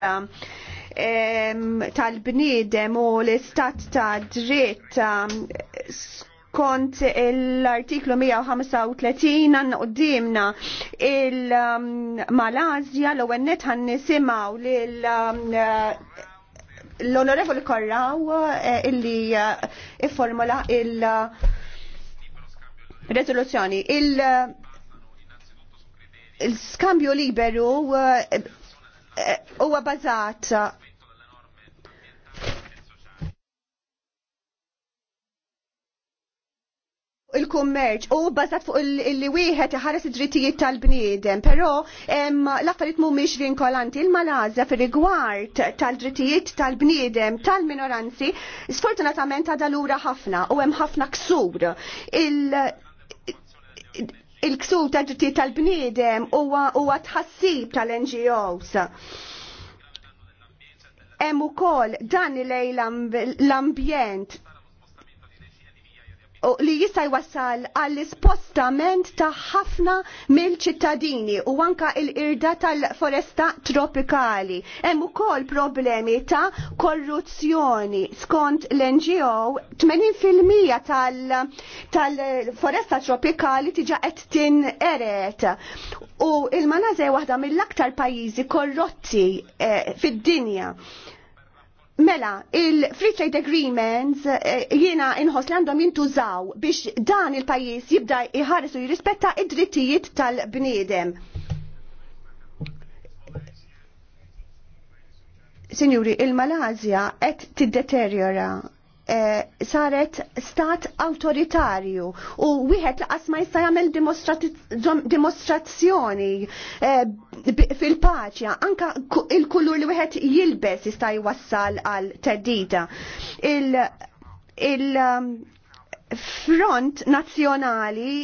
Um, tal-bniedem u l-istat ta' dritt um, skont l-artiklu 135 għanna qoddimna il-Malazja um, l għennet għan nisimaw l-Onorevoli Korraw eh, illi eh, formula il-rezoluzzjoni. Eh, Il-skambju liberu Eh, huwa bażat il-kummerċ u bazzat fuq il-li wieħed ħares id-drittijiet tal-bniedem, però l-affarijiet mhumiex vinkolanti il-Malazja fir-rigward tal-drittijiet tal-bniedem tal-minoranzi sfortunatament għadha lura ħafna u hemm ħafna ksur il-ksur ta' dritti tal-bniedem huwa tħassib tal-NGOs. Hemm ukoll dan lejn l-ambjent li jista' jwassal għall-ispostament ta' ħafna mill-ċittadini u anka l-irda tal-foresta tropikali. Hemm ukoll problemi ta' korruzzjoni. Skont l-NGO, 80% tal-foresta tal tropikali tiġa qed tinqeret. U il-Manaze waħda mill-aktar pajjiżi korrotti eh, fid-dinja. Mela, il-Free Trade Agreements eh, jiena inħos li għandhom jintużaw biex dan il-pajis jibda jħares u jirrispetta id-drittijiet tal-bniedem. Sinjuri, il-Malazja qed tiddeteriora Eh, saret stat autoritarju u wieħed laqas ma jista' jagħmel dimostrazzjoni eh, fil-paċja anka il-kulur li wieħed jilbes jista' jwassal għal teddida. Il-front um, nazzjonali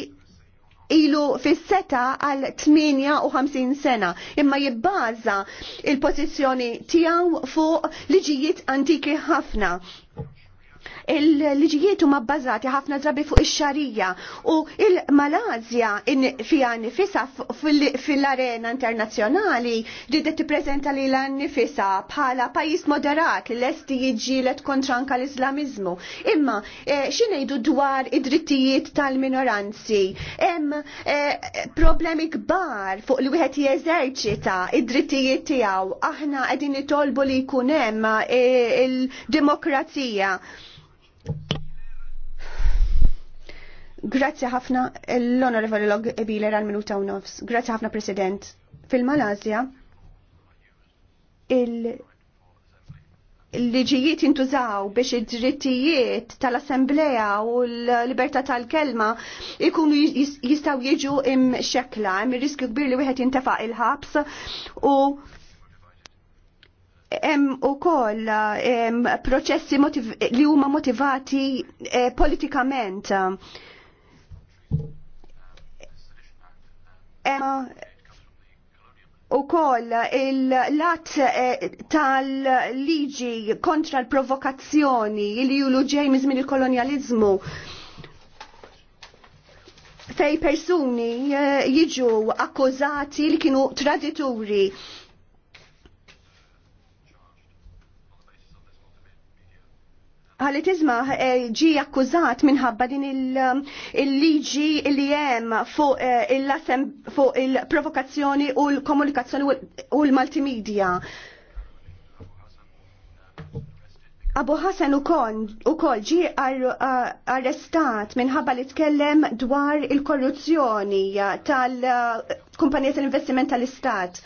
ilu fis-seta għal 58 sena imma jibbaża il-pożizzjoni tiegħu fuq liġijiet antiki ħafna il-liġijiet huma bbażati ħafna drabi fuq ix-xarija u il-Malazja fiha nifisa fil-arena internazzjonali ridet tippreżenta li l-nifisa bħala pajjiż moderat li lesti jiġġielet kontra anka l-Islamiżmu. Imma eh, x'ingħidu dwar id-drittijiet tal-minoranzi? Hemm eh, problemi kbar fuq li wieħed jeżerċita id-drittijiet tiegħu. Aħna qegħdin nitolbu li jkun hemm eh, il-demokrazija. Grazzi ħafna l-Onorevoli Log ebile għal minuta u nofs. Grazzi ħafna President. Fil-Malazja il-liġijiet intużaw biex id-drittijiet tal-assembleja u l-libertà tal-kelma ikunu jistaw jiġu im xekla, im riskju kbir li wieħed jintefaq il-ħabs u hemm ukoll proċessi li huma motivati eh, politikament. Em, u koll il-lat eh, tal-liġi kontra l-provokazzjoni li julu James minn il-kolonializmu fej persuni eh, jiġu akkużati li kienu tradituri tizma eh, ġi akkużat minħabba din um, il-liġi li jem eh, fuq il-provokazzjoni u l-komunikazzjoni u l multimedia Abu Hassan u kol ġi arrestat minħabba li tkellem dwar il-korruzzjoni tal-kumpanija eh, tal-investiment tal-istat.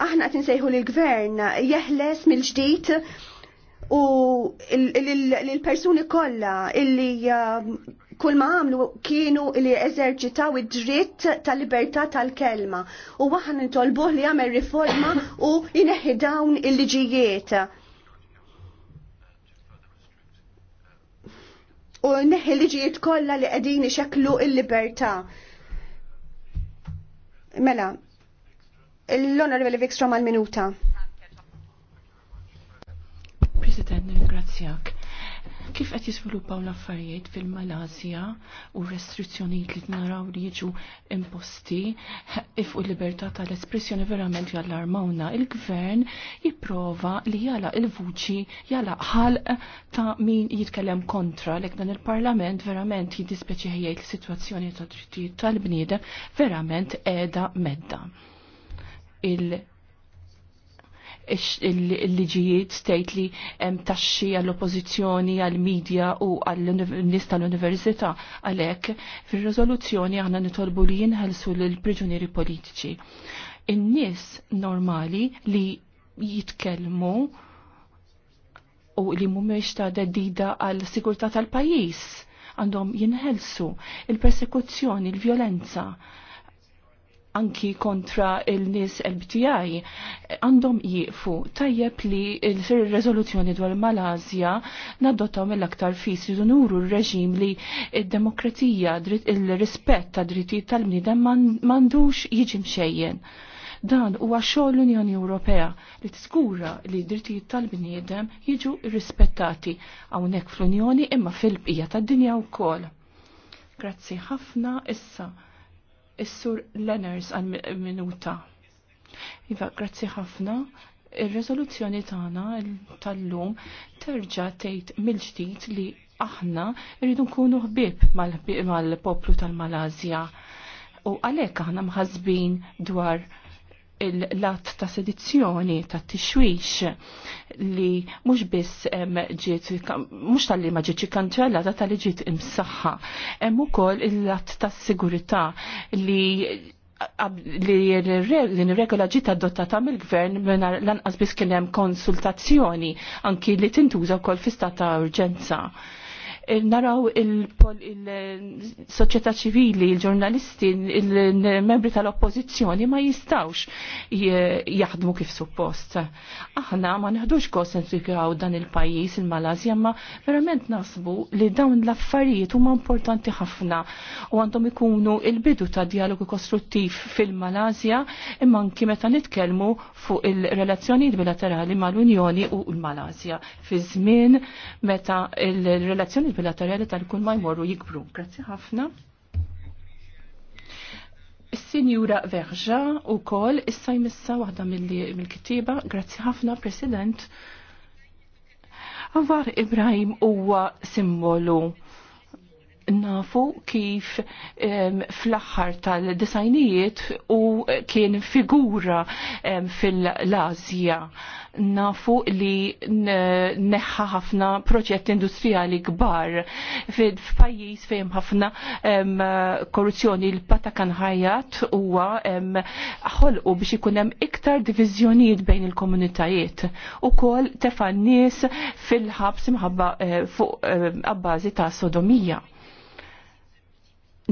Aħna tinsejħu l-gvern jeħles mill-ġdijt u l-persuni kollha illi um, kull ma għamlu kienu li eżerċitaw id-dritt tal-libertà tal-kelma u waħan nitolbuh li jagħmel riforma u jineħi dawn il-liġijiet. U neħi liġijiet kollha li qegħdin ixekklu il-libertà. Mela, l-Onorevoli Vikstrom għal-minuta. nirringrazzjak. Kif qed jiżviluppaw l-affarijiet fil-Malasja u restrizzjonijiet li naraw li jiġu imposti if u libertà tal-espressjoni verament jallarmawna, il-gvern jipprova li jala il-vuċi jala ħal ta' min jitkellem kontra lek dan il-Parlament verament jiddispeċi ħejjejt l-sitwazzjoni ta' drittijiet tal-bniedem verament qiegħda medda. Il- il-liġijiet stejt li taxxi għall-oppozizjoni, għall-medja u għall-nis tal-università għalhekk fir-riżoluzzjoni aħna nitolbu li jinħelsu lill-priġunieri politiċi. In-nies normali li jitkellmu u li mhumiex ta' dedida għall-sigurtà tal-pajjiż għandhom jinħelsu il-persekuzzjoni, il-vjolenza, il persekuzzjoni il violenza il vjolenza anki kontra il-nis LBTI għandhom jiqfu tajjeb li il-rezoluzjoni dwar Malazja nadottaw mill-aktar fis li nuru r-reġim li il demokratija il-rispett ta' drittijiet tal-bniedem mandux jiġi mxejjen. Dan huwa xogħol l-Unjoni Ewropea li tiskura li d-drittijiet tal-bniedem jiġu rispettati hawnhekk fl-Unjoni imma fil-bqija tad-dinja wkoll. Grazzi ħafna issa Is-sur Lenners għal minuta. Iva, grazzi ħafna. Ir-rezoluzzjoni tagħna tal-lum terġa' tgħid mill-ġdid li aħna rridu nkunu ħbieb mal-poplu mal poplu tal malazja U għalhekk aħna mħazbin dwar l lat ta' sedizzjoni, ta' tixwix li mux biss ġiet, mux tal-li ma ġiet ta' tal-li ġiet imsaħħa. Hemm ukoll il-lat ta' sigurità li li l-regola ġiet adottata mill-gvern minna lanqas biss kien hemm konsultazzjoni anki li tintuża wkoll fi stat ta' urġenza naraw il-soċjetà ċivili, il-ġurnalisti, il-membri tal-oppożizzjoni ma jistawx jaħdmu kif suppost. Aħna ma neħdux konsentrikaw dan il-pajjiż il-Malazja, ma verament nasbu li dawn l-affarijiet huma importanti ħafna u għandhom ikunu il-bidu ta' dialogu kostruttiv fil-Malazja imma anki meta nitkellmu fuq il-relazzjoni bilaterali mal-Unjoni u l-Malazja fi żmien meta il-relazzjoni relazzjonijiet bilaterali tal kun ma jmorru jikbru. Grazzi ħafna. Signora sinjura u kol issa jmissa waħda mill-kittiba, grazzi ħafna, President. Għavar Ibrahim huwa simbolu nafu kif um, fl-axħar tal-disajnijiet u kien figura um, fil-Azja. Nafu li neħħa ħafna proġett industrijali kbar f'pajjiż fejn ħafna um, korruzzjoni l-Patakan ħajat huwa ħolqu biex ikun hemm iktar diviżjonijiet bejn il-komunitajiet ukoll tefa' nies fil-ħabs imħabba uh, eh, fuq uh, abbażi ta' sodomija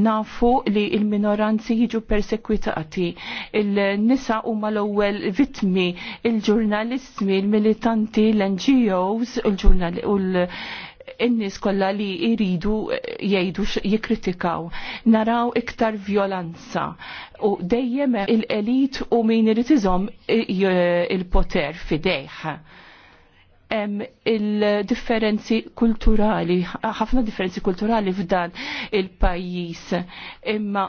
nafu li il-minoranzi jiġu persekwitati. Il-nisa huma l-ewwel vitmi, il ġurnalismi il-militanti, l-NGOs, il nis in-nies kollha li jridu jgħidu jikkritikaw. Naraw iktar violanza u dejjem il-elit u min irid iżomm il-poter fidejh il-differenzi kulturali, ħafna differenzi kulturali f'dan il-pajis. Imma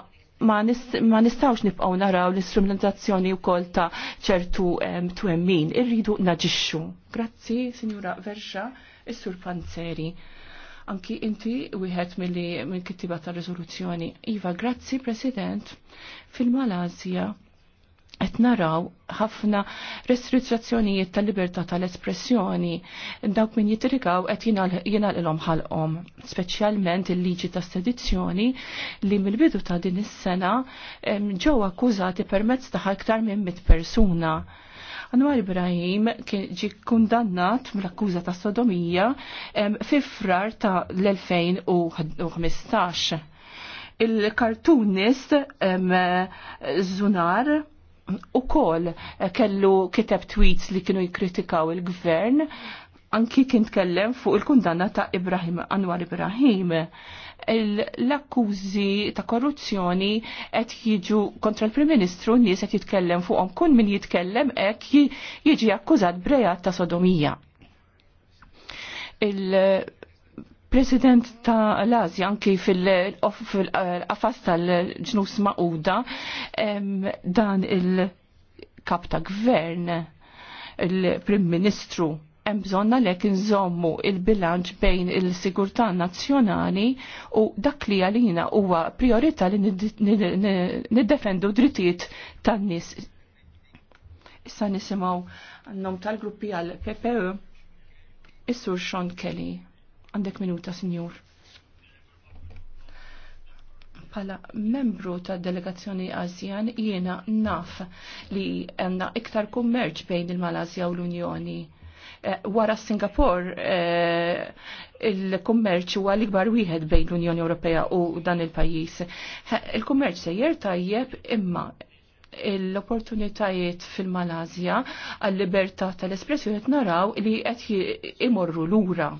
ma, nist, ma nistawx nibqaw naraw l-istrumentazzjoni u kol ta' ċertu twemmin. Irridu naġixxu. Grazzi, Signora Verxa, Is-Sur Panzeri. Anki inti wieħed mill-kittiba ta' riżoluzzjoni. Iva, grazzi, President, fil malasja qed naraw ħafna restrizzazzjonijiet tal-libertà tal-espressjoni dawk min jitrigaw qed jingħalqilhom ħalqhom, speċjalment il-liġi ta' sedizzjoni li mill-bidu ta' din is-sena ġew akkużati permezz ta' iktar minn mit persuna. Anwar Ibrahim kien ġi kundannat mill-akkuża ta' sodomija fi frar ta' l-2015. Il-kartunist Zunar u kol eh, kellu kiteb tweets li kienu jikritikaw il-gvern anki kien tkellem fuq il-kundanna ta' Ibrahim Anwar Ibrahim l-akkużi ta' korruzzjoni qed jiġu kontra l-Prim Ministru nies qed jitkellem fuqhom kull min jitkellem hekk jiġi akkużat brejat ta' sodomija. President ta' l-Azja anki fil-qafas tal-ġnus ma'uda dan il-kap ta' gvern il-Prim Ministru hemm bżonn lek inżommu il-bilanċ bejn il-sigurtà nazzjonali u dak li għalina huwa priorità li niddefendu drittijiet tan-nies. Issa nisimgħu għannom tal-gruppi għal PPE is-Sur Sean Kelly. Għandek minuta, Sinjur. Pala membru ta' delegazzjoni Asjan jiena naf li għanna iktar kummerċ bejn il-Malazja u l-Unjoni. Eh, wara Singapore e, il-kummerċ huwa l-ikbar wieħed bejn l-Unjoni Ewropea u dan il-pajjiż. Il-kummerċ sejjer tajjeb imma l-opportunitajiet fil-Malazja għal-libertà tal-espressjoni naraw li qed imorru lura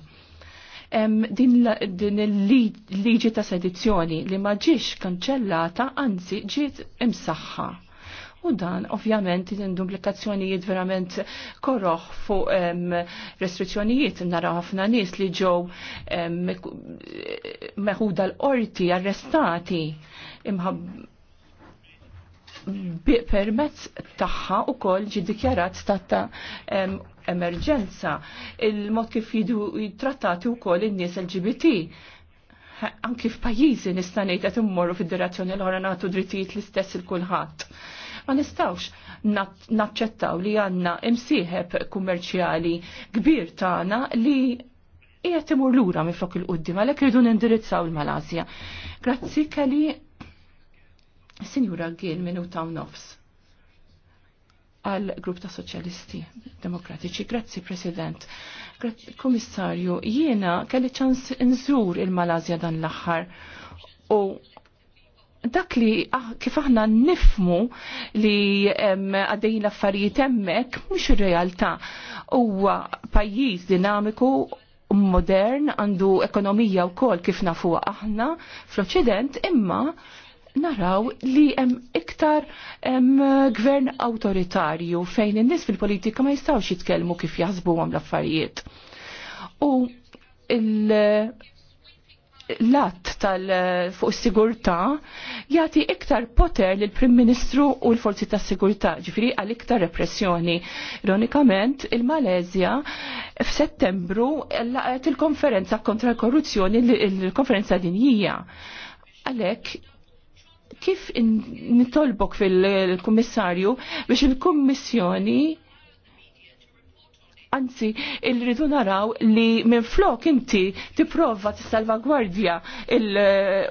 din il-liġi ta' sedizzjoni li ma ġiex kanċellata, anzi ġiet imsaħħa. U dan ovvjament l-implikazzjonijiet verament korroħ fuq restrizzjonijiet nara ħafna nies li ġew meħuda l-qorti arrestati imħab bi permezz tagħha wkoll ġi dikjarat statta emerġenza, il-mod kif jidu jittrattati u koll in-nies LGBT. Anki f'pajjiżi nista' ngħid qed immorru fid-direzzjoni l-ħora nagħtu drittijiet l-istess il kulħadd. Ma nistawx naċċettaw li għandna imsieħeb kummerċjali kbir tagħna li qiegħed imur lura minn fuq il-qudiem għalhekk irridu nindirizzaw il-Malasja. Grazzi kelli Sinjura Gil minuta u nofs għal grupp ta' Soċjalisti Demokratiċi. Grazzi, President. Komissarju, jiena kelli ċans nżur il-Malazja dan l-aħħar u dak li ah, kif aħna nifmu li għaddej l-affarijiet hemmhekk mhux ir-realtà. Huwa pajjiż dinamiku modern għandu ekonomija wkoll kif nafu aħna fl-Oċident imma naraw li hemm iktar em, eh, gvern autoritarju fejn in-nies fil-politika ma jistgħux jitkellmu kif jaħsbu għam l-affarijiet. U l-att tal eh, fuq sigurtà jagħti iktar poter lil prim Ministru u l-forzi tas sigurtà ġifiri għal iktar repressjoni. Ironikament, il-Malezja f'Settembru laqgħet il-konferenza kontra l-korruzzjoni, il-konferenza dinjija. Għalhekk kif nitolbok fil-kummissarju biex il-kummissjoni Anzi, il-ridu naraw li minn flok inti tiprova t-salvagwardja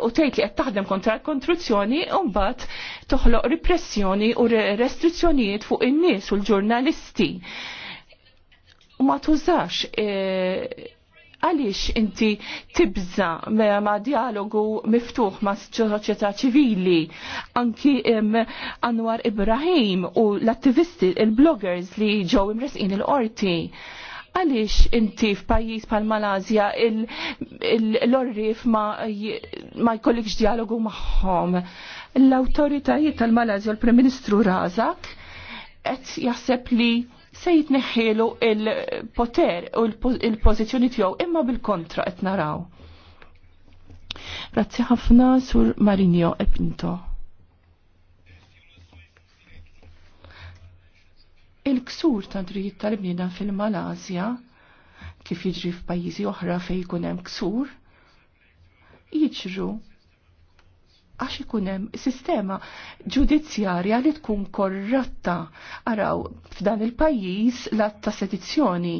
u tgħid li qed taħdem kontra l-kontruzzjoni u mbagħad toħloq repressjoni u restrizzjonijiet fuq in-nies u l-ġurnalisti. Ma tużax eh, għaliex inti tibza ma' dialogu miftuħ ma' soċjetà ċivili anki Anwar Ibrahim u l-attivisti, il-bloggers li ġew imresqin il-qorti għalix inti f'pajjiż pal Malazja l-orrif ma jkollikx dialogu magħhom. L-awtoritajiet tal-Malazja l-Prim Ministru Razak qed jaħseb li se jitneħħilu il-poter u il-pozizjoni tiegħu imma bil-kontra qed naraw. Grazzi ħafna sur Marinio e Pinto. Il-ksur ta' dritt tal-bnina fil-Malasja kif jiġri f'pajjiżi oħra fejn jkun hemm ksur jiġru għax ikunem sistema ġudizzjarja li tkun korratta. Araw, f'dan il-pajis l-att ta' sedizzjoni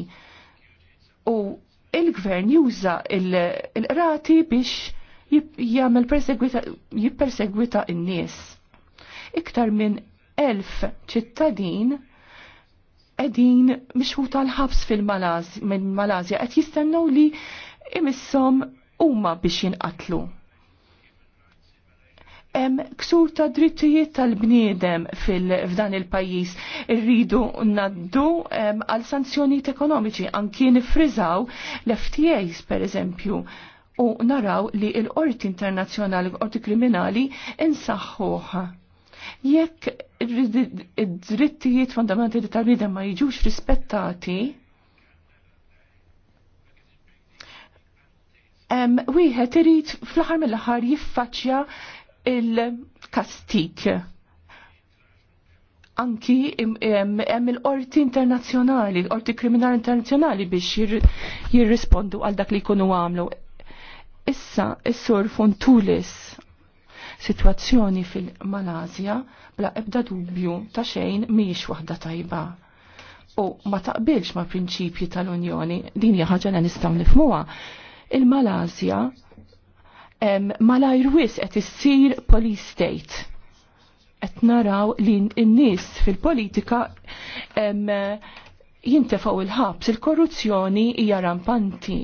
u il-gvern juża il-rati biex jagħmel jippersegwita n-nies. Iktar minn elf ċittadin qegħdin mixħuta l-ħabs fil-Malazja qed jistennu li imissom huma biex jinqatlu. Em, ksur ta' drittijiet tal-bniedem f'dan il-pajis irridu naddu għal sanzjonijiet ekonomiċi anki nifrizaw l-FTAs per eżempju u naraw li l-qorti internazzjonali qorti kriminali insaħħuha. Jekk id-drittijiet fundamentali tal-bniedem ma jiġux rispettati, wieħed irid fl-aħħar mill-aħħar jiffaċċja il-kastik. Anki hemm il-qorti internazzjonali, qorti kriminali internazzjonali biex jirrispondu għal dak li jkunu għamlu. Issa, is-sur Fontulis, situazzjoni fil-Malazja bla ebda dubju ta' xejn miex waħda tajba u ma taqbilx ma' prinċipji tal-Unjoni, din hija ħaġa li nistgħu nifhmuha. Il-Malazja malajr wis qed issir police state. Qed naraw li n-nies fil-politika jintefgħu il-ħabs, il-korruzzjoni hija rampanti.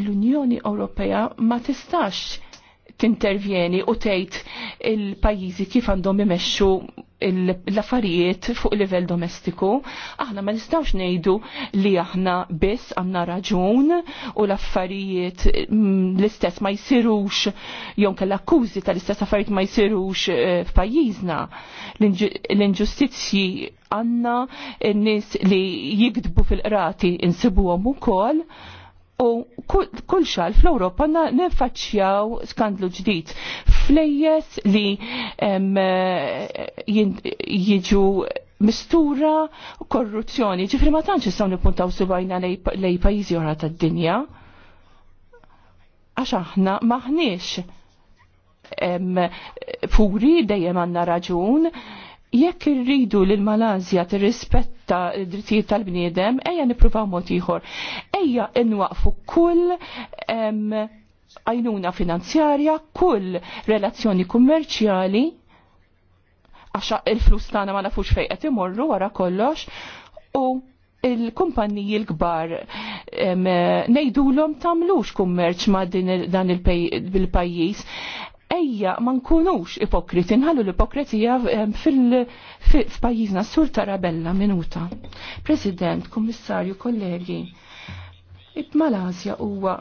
L-Unjoni Ewropea ma tistax tintervjeni u tgħid il-pajjiżi kif għandhom imexxu l-affarijiet fuq livell domestiku, aħna ma nistawx nejdu li aħna biss għanna raġun u l-affarijiet mm, l-istess ma jsirux jonka l-akkużi tal-istess affarijiet ma jsirux eh, f'pajjiżna. L-inġustizzji għanna n-nis li jikdbu fil-qrati insibuhom ukoll u kull xal fl-Europa nefaċċjaw skandlu ġdid. Flejjes li jiġu mistura korruzzjoni. Ġifri ma tantx jistgħu nippuntaw subajna lej pajjiżi oħra tad-dinja. Għax aħna maħniex furi dejjem għandna raġun jekk irridu lil Malazja tirrispetta ta' drittijiet tal-bniedem, ejja nippruvaw mod ieħor. Ejja nwaqfu kull għajnuna finanzjarja, kull relazzjoni kummerċjali, għaxa il-flus tagħna ma nafux fejn qed imorru wara kollox, u il-kumpanniji l-kbar nejdulom tamlux kummerċ ma' din dan il-pajjiż ejja ma nkunux ipokriti, nħallu l-ipokritija fil sur tarabella minuta. President, Kommissarju, kollegi, Malazja huwa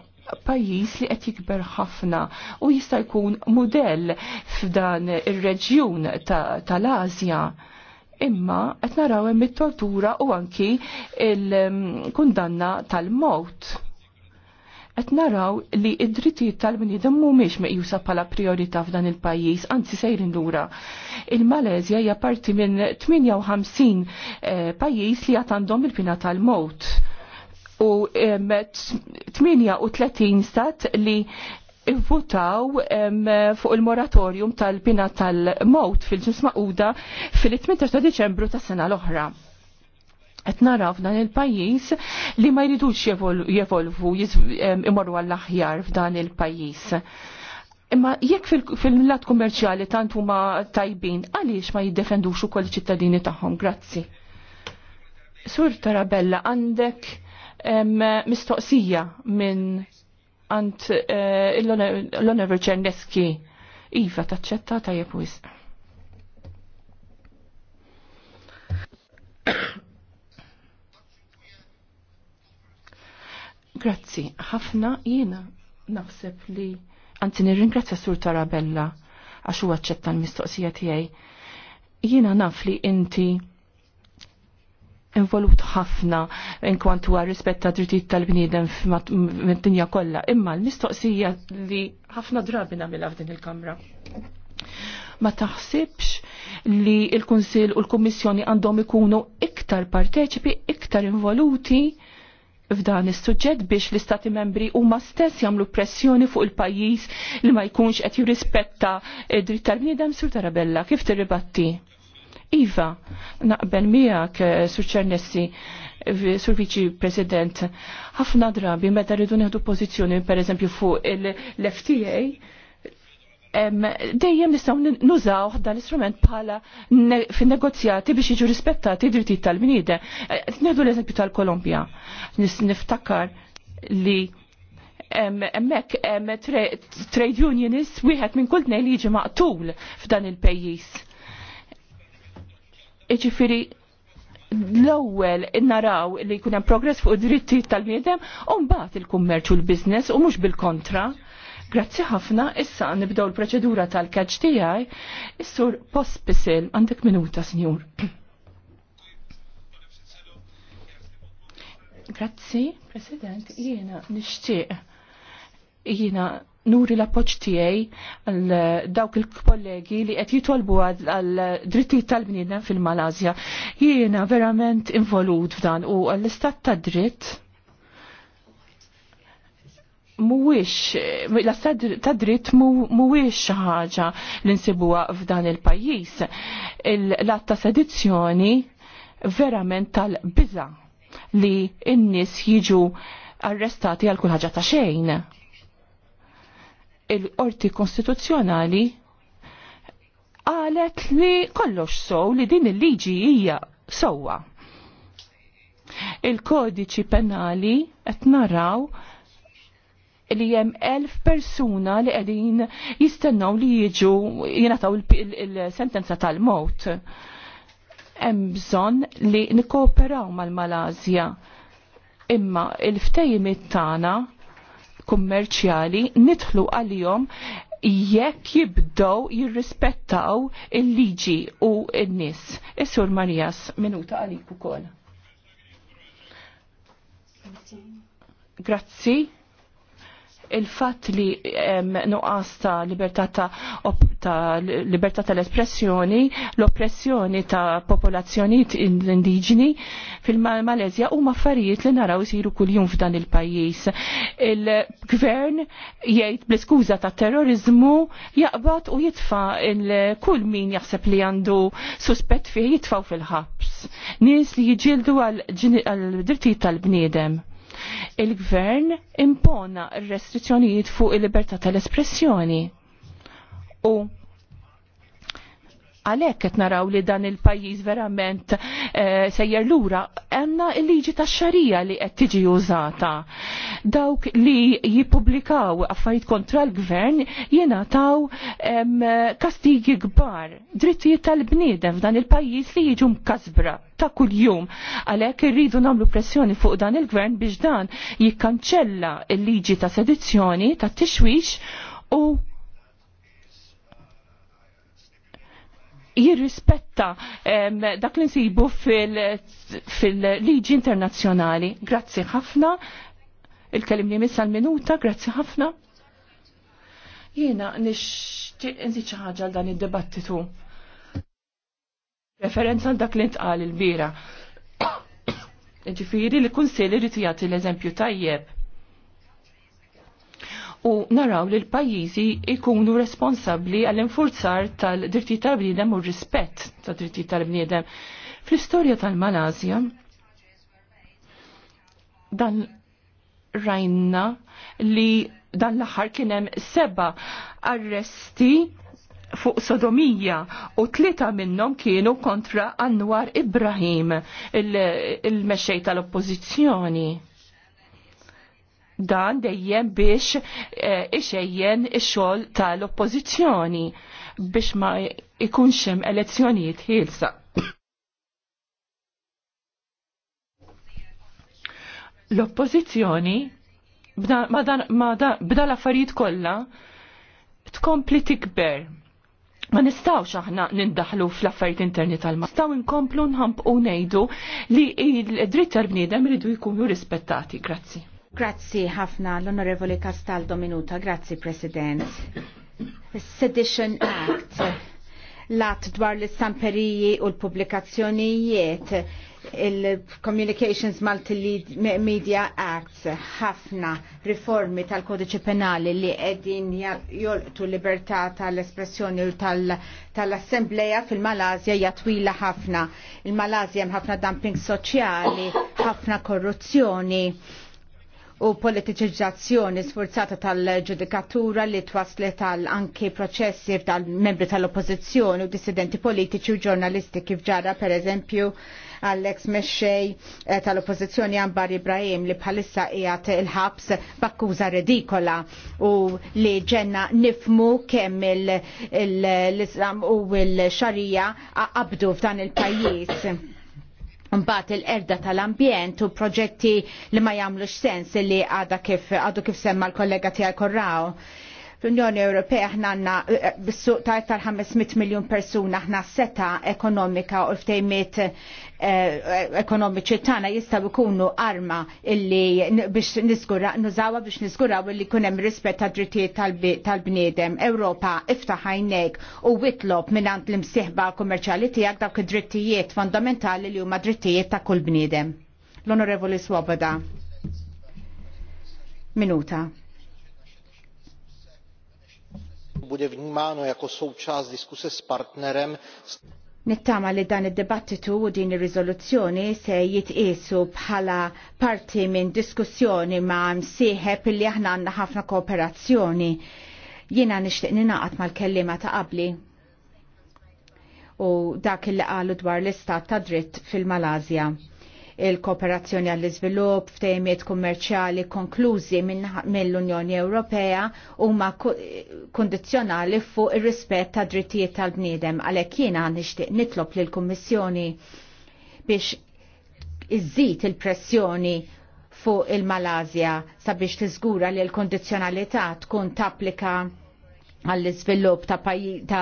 pajjiż li qed jikber ħafna u jista' jkun mudell f'dan ir-reġjun tal-Asja. Imma qed naraw hemm it-tortura u anki il-kundanna tal-mowt qed naraw li id-drittijiet tal-bniedem mhumiex meqjusa bħala priorità f'dan il-pajjiż, anzi sejrin lura. Il-Malezja hija parti minn 58 eh, pajjiż li għandhom il-pina tal-mowt u 38 stat li votaw fuq il-moratorium tal-pina tal-mowt fil-ġusma fil-18 ta' Deċembru tas sena l-oħra qed naraw f'dan il-pajjiż li ma jridux jevolvu imorru għall-aħjar f'dan il-pajjiż. Imma jekk fil-lat kummerċjali tant huma tajbin, għaliex ma jiddefendux ukoll ċittadini tagħhom? Grazzi. Sur Tarabella, għandek mistoqsija minn għand eh, l-Onever Ċerneski. Iva, taċċetta tajjeb wisq. Grazzi, ħafna jiena naħseb li anzi nirringrazzja Sur Tarabella għax huwa aċċetta l-mistoqsija tiegħi. Jiena naf li inti involut ħafna inkwantu huwa rispett ta' drittijiet tal-bniedem mid-dinja kollha, imma l-mistoqsija li ħafna drabi nagħmilha f'din il-kamra. Ma taħsibx li l-Kunsill u l-Kummissjoni għandhom ikunu iktar parteċipi, iktar involuti f'dan is-suġġett biex l-istati membri huma stess jagħmlu pressjoni fuq il-pajjiż li ma jkunx qed jirrispetta dritt tal-bniedem sur tarabella kif tirribatti. Iva, naqbel miegħek eh, sur ċernessi eh, sur viċi president, ħafna drabi meta rridu nieħdu pożizzjoni pereżempju fuq l-FTA, dejjem nistgħu nużaw dan l-istrument bħala fin-negozjati biex jiġu rispettati d-drittijiet tal-bniedem. Eh, Nedu l-eżempju tal-Kolombja. Niftakar li hemmhekk hemm trade unionist wieħed minn kull tnejn li jiġi maqtul f'dan il-pejjiż. Iġifieri l-ewwel naraw li jkun hemm progress fuq id-drittijiet tal-bniedem u mbagħad il-kummerċ u l-business u mhux bil-kontra Grazzi ħafna, issa nibdew l proċedura tal catch tijaj. Is-sur Pospisil għandek minuta, Sinjur. Grazzi, President, jiena nixtieq jiena nuri l poċ tiegħi għal dawk il-kollegi li qed jitolbu għal drittijiet tal-bniedem fil-Malazja. Jiena verament involut f'dan u għall-istat ta' dritt muwix, la tadrit dritt muwix ħaġa l-insibuwa f'dan il-pajis. L-att ta' sedizzjoni verament tal-biza li n-nis jiġu arrestati għal kull ħaġa ta' xejn. Il-qorti konstituzzjonali qalet li kollox sow li din il-liġi hija sowa. Il-kodiċi penali qed naraw li jem elf persuna li għedin jistennaw li jiġu jenataw il-sentenza tal-mot. Hemm bżonn li nikkooperaw mal-Malazja. Imma il-ftejimit tagħna kummerċjali nidħlu għalihom jekk jibdow jirrispettaw il-liġi u n-nis. Is-Sur Marijas, minuta għalik ukoll. Grazzi il-fatt li nuqqas ta' libertà ta' l tal-espressjoni, l-oppressjoni ta' popolazzjonijiet l-Indiġni fil-Malezja huma affarijiet li naraw kull kuljum f'dan il-pajjiż. Il-gvern jgħid bl skuza ta' terrorizmu jaqbad u jitfa' il-kull min jaħseb li għandu suspett fih jitfaw fil-ħabs. Nies li jiġildu għal drittijiet tal-bniedem il-gvern impona r restrizzjonijiet fuq il-libertà tal-espressjoni. U għalhekk qed naraw li dan il-pajjiż verament eh, sejjer lura għandna l-liġi tax-xarija li qed tiġi użata. Dawk li jippubblikaw affarijiet kontra l-gvern jingħataw kastigi kbar, drittijiet tal-bniedem f'dan il-pajjiż li jiġu mkasbra ta' kuljum. Għalhekk irridu nagħmlu pressjoni fuq dan il-gvern biex dan jikkanċella l-liġi ta' sedizzjoni, ta' tixwix u jirrispetta dak li nsibu fil-liġi internazzjonali. Grazzi ħafna, il-kelim li missa l-minuta, grazzi ħafna. Jiena nixtieq nżid ħaġa l dan id-dibattitu. Referenza dak li ntqal il-bira. Ġifieri li kun rid jagħti l-eżempju tajjeb u naraw li l-pajjiżi ikunu responsabbli għall-infurzar tal-drittijiet tal-bniedem u rispett tad-drittijiet tal-bniedem. Fl-istorja tal malazja dan rajna li dan l-aħħar kien hemm seba arresti fuq sodomija u tlieta minnhom kienu kontra Anwar Ibrahim il-mexxej tal oppożizzjoni dan dejjem biex eh, ixejjen ix-xogħol tal-oppożizzjoni biex ma jkunx hemm elezzjonijiet ħielsa. L-oppożizzjoni b'dan l-affarijiet kollha tkompli tikber. Ma nistawx aħna nindaħlu fl-affarijiet interni tal-ma. Nistaw inkomplu nħampqu ngħidu li d-dritt tal-bniedem iridu jkunu rispettati. Grazzi. Grazzi ħafna l-Onorevoli Castaldo Minuta, grazzi President. Sedition Act, lat dwar l-istamperiji u l-publikazzjonijiet, il-Communications Multimedia Acts, ħafna riformi tal-kodiċi penali li edin jolqtu libertà tal-espressjoni u tal-assembleja -tal espressjoni u tal assembleja fil malazja jatwila ħafna. Il-Malazja hemm ħafna dumping soċjali, ħafna korruzzjoni u politiċizzazzjoni sforzata tal-ġudikatura li twasslet għal anki proċessi tal-membri tal-oppozizjoni u dissidenti politiċi u ġurnalisti kif ġara per eżempju għall-ex mexxej eh, tal-oppozizjoni Ambar Ibrahim li bħalissa qiegħed il-ħabs b'akkuża redikola u li ġenna nifmu kemm l-Islam u l-Xarija qabdu f'dan il-pajjiż Mbagħad il-erda tal-ambjent u proġetti li ma jagħmlux sens li għadha kif għadu kif semma l-kollega tiegħi Korraw L-Unjoni Ewropea ħna għanna eh, bis-suq ta' iktar 500 miljon persuna ħna seta ekonomika u ftejmiet eh, ekonomiċi tagħna jistgħu jkunu arma illi biex niżgura nużawha biex niżguraw illi jkun hemm rispett ta' drittijiet tal-bniedem. Ewropa iftaħ għajnejk u witlob mingħand l-imsieħba kummerċjali tiegħek dawk id-drittijiet fondamentali li huma drittijiet ta' kull bniedem. L-Onorevoli Swoboda. Minuta bude vnímáno jako součas diskuse s partnerem. Nittama li dan id-dibattitu u din ir-riżoluzzjoni se jitqisu bħala parti minn diskussjoni ma' msieħeb li aħna għandna ħafna kooperazzjoni. Jiena nixtieq ninaqat mal-kellima ta' qabli u dak il-qalu dwar l-istat ta' dritt fil-Malazja il-kooperazzjoni għall-iżvilupp, ftejmiet kummerċjali konklużi mill-Unjoni Ewropea huma kondizjonali fuq ir-rispett ta' drittijiet tal-bniedem għalhekk jiena nixtieq nitlob lill-Kummissjoni biex iżżid il-pressjoni fuq il-Malazja sabiex tiżgura li l-kondizzjonalità tkun tapplika għall-izvilup ta', ta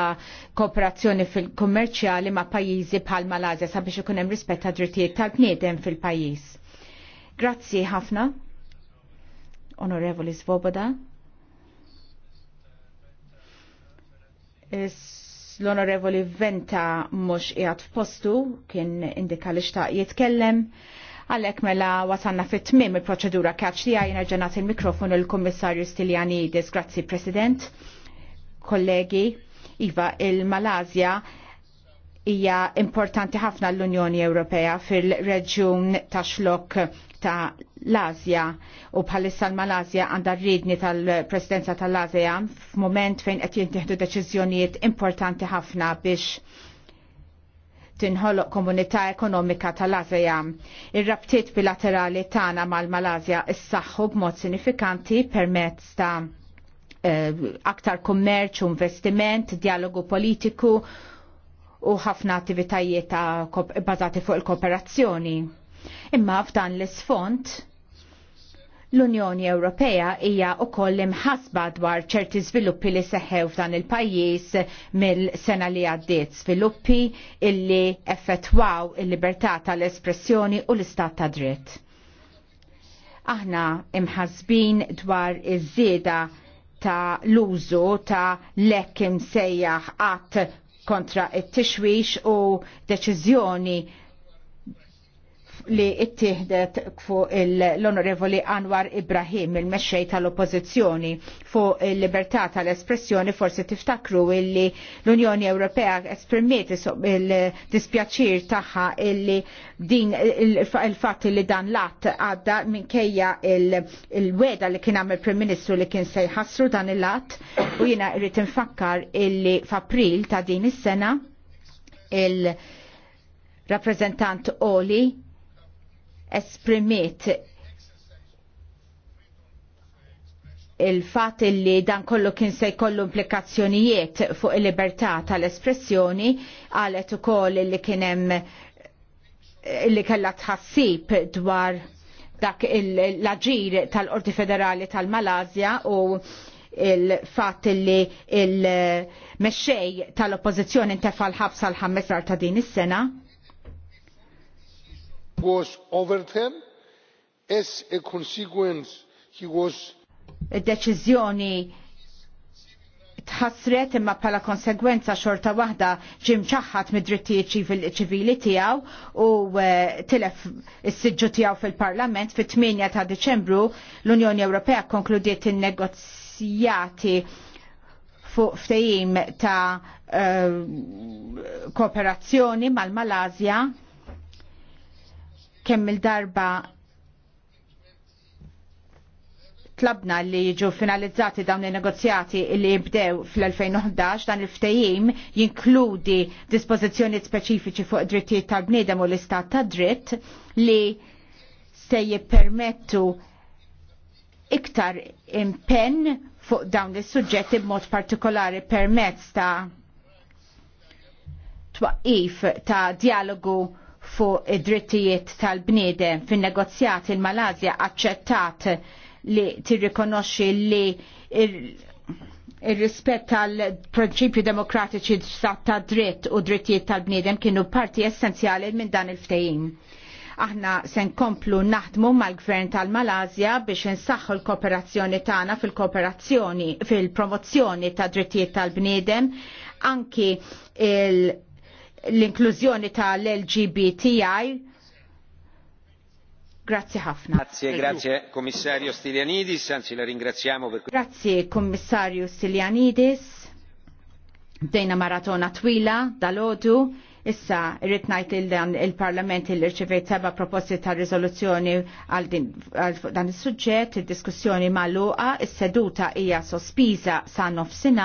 kooperazzjoni fil-kummerċjali ma' pajjiżi bħal Malazja sabiex ikun hemm rispett ta' drittijiet tal-bniedem fil-pajjiż. Grazzi ħafna, Onorevoli Svoboda. L-Onorevoli Venta mhux qiegħed f'postu kien indika li xtaq jitkellem għalek mela wasanna fit tmim il-proċedura kaċċi li għajna ġenat il-mikrofon il-Kommissarju Stiljani Grazzi, President kollegi, Iva, il-Malazja hija importanti ħafna l-Unjoni Ewropea fil-reġjun ta' xlok ta' l-Azja u bħalissa l-Malazja għandha rridni tal-Presidenza tal-Azja f'mument fejn qed jintieħdu deċiżjonijiet importanti ħafna biex tinħoloq komunità ekonomika tal-Azja. Ir-rabtiet bilaterali tagħna mal-Malazja issaħħu b'mod sinifikanti permezz ta' Eh, aktar kummerċ, investiment, dialogu politiku u ħafna attivitajiet bazati fuq il-kooperazzjoni. Imma f'dan l isfond l-Unjoni Ewropea hija wkoll imħasba dwar ċerti żviluppi li seħħew f'dan il-pajjiż mill-sena li għaddiet sviluppi illi effettwaw il-libertà tal-espressjoni u l-istat ta' dritt. Aħna imħasbin dwar iż-żieda ta' l-użu ta' lekk imsejjaħ għat kontra it-tixwix u deċiżjoni li ittieħdet fuq l-Onorevoli Anwar Ibrahim, il-mexxej tal-Oppożizzjoni fuq il-libertà tal-espressjoni forsi tiftakru illi l-Unjoni Ewropea esprimiet il-dispjaċir tagħha illi din il il li dan l-att għadda minkejja il-weda li kien għamil Prim Ministru li kien se jħassru dan il-att u jiena irrit infakkar illi f'April ta' din is-sena il- rappresentant Oli esprimiet il-fat li dan kollu kien se jkollu implikazzjonijiet fuq il-libertà tal-espressjoni għalet ukoll li kien hemm li kellha tħassib dwar dak l-aġir tal-Qorti Federali tal-Malazja u il-fat li il-mexxej tal-oppożizzjoni l ħabsa l-ħammes ta' din is-sena was overturned. As a consequence, he was deċiżjoni tħassret imma pala konsegwenza xorta waħda ġim ċaħat mid-drittijiet ċivili tiegħu u eh, tilef is-siġġu tiegħu fil-Parlament fit-8 ta' Deċembru l-Unjoni Ewropea konkludiet in-negozjati fuq ftehim ta' eh, kooperazzjoni mal-Malazja kemm il-darba tlabna li jiġu finalizzati dawn il negozjati li jibdew fl-2011 dan il-ftejim jinkludi dispozizjoni speċifiċi fuq drittijiet tal-bniedem u l-istat ta' dritt li se jippermettu iktar impenn fuq dawn is-suġġetti b'mod partikolari permezz ta' twaqif ta' dialogu fuq id-drittijiet tal-bniedem fin negozjati il-Malazja aċċettat li tirrikonoxxi li il rispett tal-prinċipju demokratiċi ta' dritt u drittijiet tal-bniedem kienu parti essenzjali minn dan il-ftehim. Aħna se nkomplu naħdmu mal-Gvern tal-Malazja biex insaħħu l-kooperazzjoni tagħna fil-kooperazzjoni fil-promozzjoni ta' drittijiet tal-bniedem anki il- l-inklużjoni tal-LGBTI. Grazie ħafna. Grazie, grazie Commissario Stilianidis, anzi la ringraziamo per Grazie Commissario Stilianidis. Dejna maratona twila dal odu Issa, irrit najt il-parlament il irċivejt seba proposti ta' rizoluzzjoni għal dan is-suġġett, il-diskussjoni mal-luqa, is-seduta hija sospiża sa' nofsinhar.